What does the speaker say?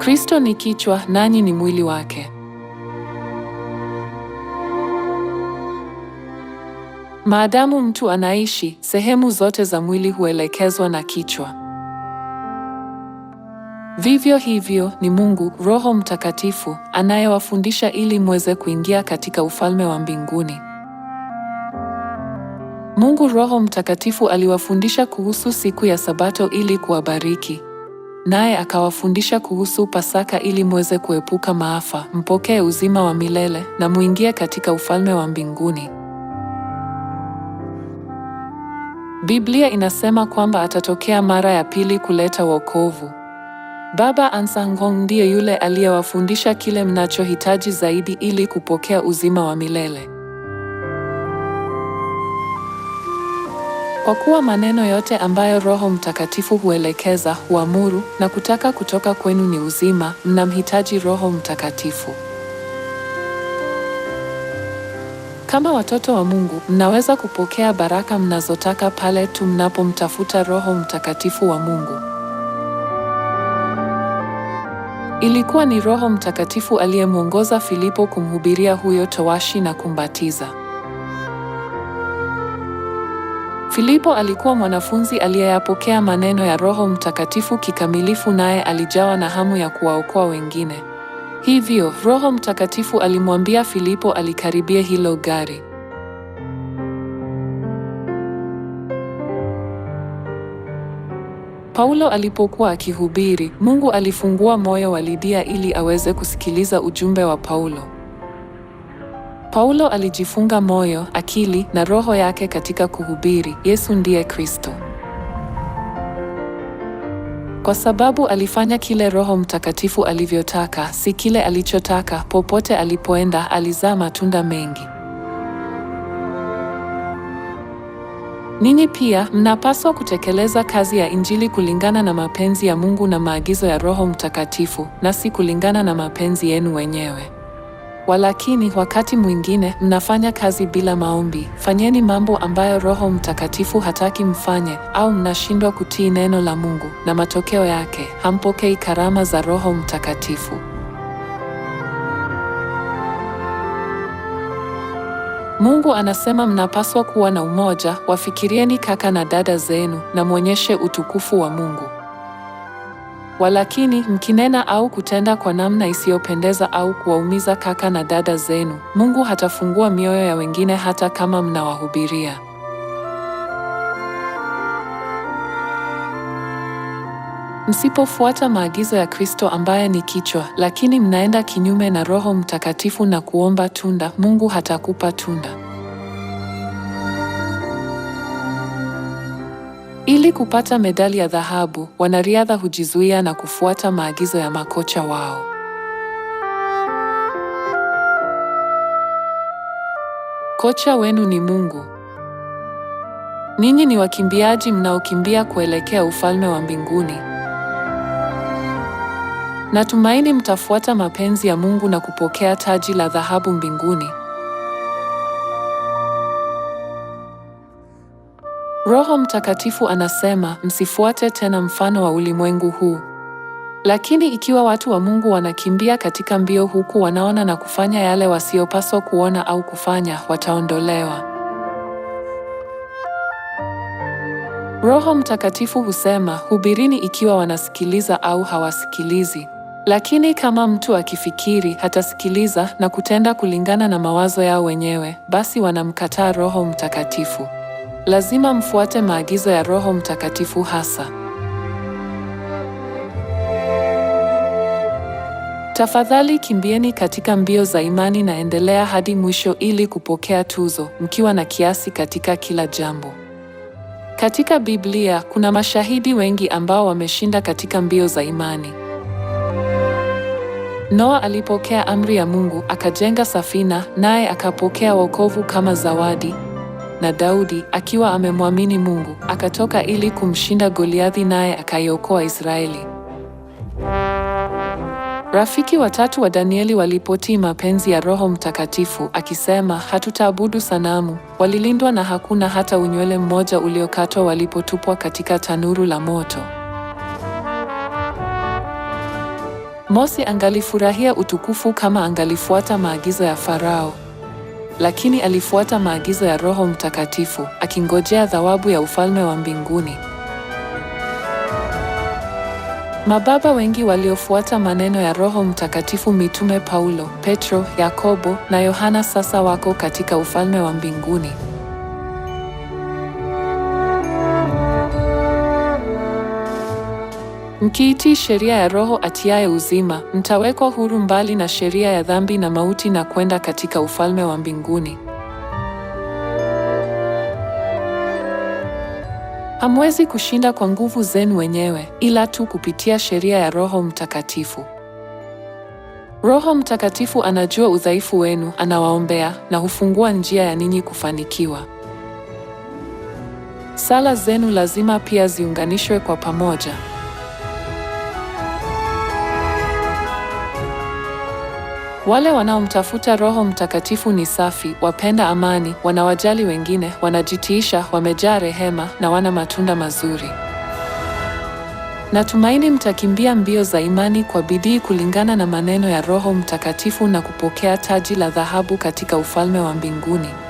Kristo ni kichwa, nanyi ni mwili wake. Maadamu mtu anaishi, sehemu zote za mwili huelekezwa na kichwa. Vivyo hivyo ni Mungu Roho Mtakatifu anayewafundisha ili mweze kuingia katika ufalme wa mbinguni. Mungu Roho Mtakatifu aliwafundisha kuhusu siku ya Sabato ili kuwabariki. Naye akawafundisha kuhusu Pasaka ili mweze kuepuka maafa, mpokee uzima wa milele na muingie katika ufalme wa mbinguni. Biblia inasema kwamba atatokea mara ya pili kuleta wokovu. Baba ansangong ndiye yule aliyewafundisha kile mnachohitaji zaidi ili kupokea uzima wa milele. Kwa kuwa maneno yote ambayo Roho Mtakatifu huelekeza, huamuru na kutaka kutoka kwenu ni uzima, mnamhitaji Roho Mtakatifu. Kama watoto wa Mungu, mnaweza kupokea baraka mnazotaka pale tu mnapomtafuta Roho Mtakatifu wa Mungu. Ilikuwa ni Roho Mtakatifu aliyemwongoza Filipo kumhubiria huyo towashi na kumbatiza. Filipo alikuwa mwanafunzi aliyeyapokea maneno ya Roho Mtakatifu kikamilifu naye alijawa na hamu ya kuwaokoa wengine. Hivyo, Roho Mtakatifu alimwambia Filipo alikaribie hilo gari. Paulo alipokuwa akihubiri, Mungu alifungua moyo wa Lidia ili aweze kusikiliza ujumbe wa Paulo. Paulo alijifunga moyo, akili na roho yake katika kuhubiri Yesu ndiye Kristo, kwa sababu alifanya kile Roho Mtakatifu alivyotaka, si kile alichotaka. Popote alipoenda alizaa matunda mengi. Ninyi pia mnapaswa kutekeleza kazi ya Injili kulingana na mapenzi ya Mungu na maagizo ya Roho Mtakatifu, na si kulingana na mapenzi yenu wenyewe. Walakini wakati mwingine mnafanya kazi bila maombi. Fanyeni mambo ambayo Roho Mtakatifu hataki mfanye, au mnashindwa kutii neno la Mungu, na matokeo yake hampokei karama za Roho Mtakatifu. Mungu anasema mnapaswa kuwa na umoja. Wafikirieni kaka na dada zenu na mwonyeshe utukufu wa Mungu. Walakini mkinena au kutenda kwa namna isiyopendeza au kuwaumiza kaka na dada zenu, Mungu hatafungua mioyo ya wengine hata kama mnawahubiria. Msipofuata maagizo ya Kristo ambaye ni kichwa, lakini mnaenda kinyume na Roho Mtakatifu na kuomba tunda, Mungu hatakupa tunda. Ili kupata medali ya dhahabu, wanariadha hujizuia na kufuata maagizo ya makocha wao. Kocha wenu ni Mungu. Ninyi ni wakimbiaji mnaokimbia kuelekea ufalme wa mbinguni. Natumaini mtafuata mapenzi ya Mungu na kupokea taji la dhahabu mbinguni. Roho Mtakatifu anasema msifuate tena mfano wa ulimwengu huu. Lakini ikiwa watu wa Mungu wanakimbia katika mbio huku wanaona na kufanya yale wasiyopaswa kuona au kufanya, wataondolewa. Roho Mtakatifu husema, hubirini ikiwa wanasikiliza au hawasikilizi. Lakini kama mtu akifikiri hatasikiliza na kutenda kulingana na mawazo yao wenyewe, basi wanamkataa Roho Mtakatifu lazima mfuate maagizo ya Roho Mtakatifu hasa. Tafadhali kimbieni katika mbio za imani na endelea hadi mwisho ili kupokea tuzo, mkiwa na kiasi katika kila jambo. Katika Biblia kuna mashahidi wengi ambao wameshinda katika mbio za imani. Noa alipokea amri ya Mungu, akajenga safina, naye akapokea wokovu kama zawadi na Daudi akiwa amemwamini Mungu akatoka ili kumshinda Goliathi, naye akaiokoa Israeli. Rafiki watatu wa Danieli walipotii mapenzi ya Roho Mtakatifu akisema, hatutaabudu sanamu, walilindwa na hakuna hata unywele mmoja uliokatwa walipotupwa katika tanuru la moto. Mose angalifurahia utukufu kama angalifuata maagizo ya Farao lakini alifuata maagizo ya Roho Mtakatifu akingojea thawabu ya ufalme wa mbinguni. Mababa wengi waliofuata maneno ya Roho Mtakatifu, mitume Paulo, Petro, Yakobo na Yohana, sasa wako katika ufalme wa mbinguni. Mkiitii sheria ya Roho atiaye uzima, mtawekwa huru mbali na sheria ya dhambi na mauti na kwenda katika ufalme wa mbinguni. Hamwezi kushinda kwa nguvu zenu wenyewe, ila tu kupitia sheria ya Roho Mtakatifu. Roho Mtakatifu anajua udhaifu wenu, anawaombea na hufungua njia ya ninyi kufanikiwa. Sala zenu lazima pia ziunganishwe kwa pamoja. Wale wanaomtafuta Roho Mtakatifu ni safi, wapenda amani, wanawajali wengine, wanajitiisha, wamejaa rehema na wana matunda mazuri. Natumaini mtakimbia mbio za imani kwa bidii kulingana na maneno ya Roho Mtakatifu na kupokea taji la dhahabu katika ufalme wa mbinguni.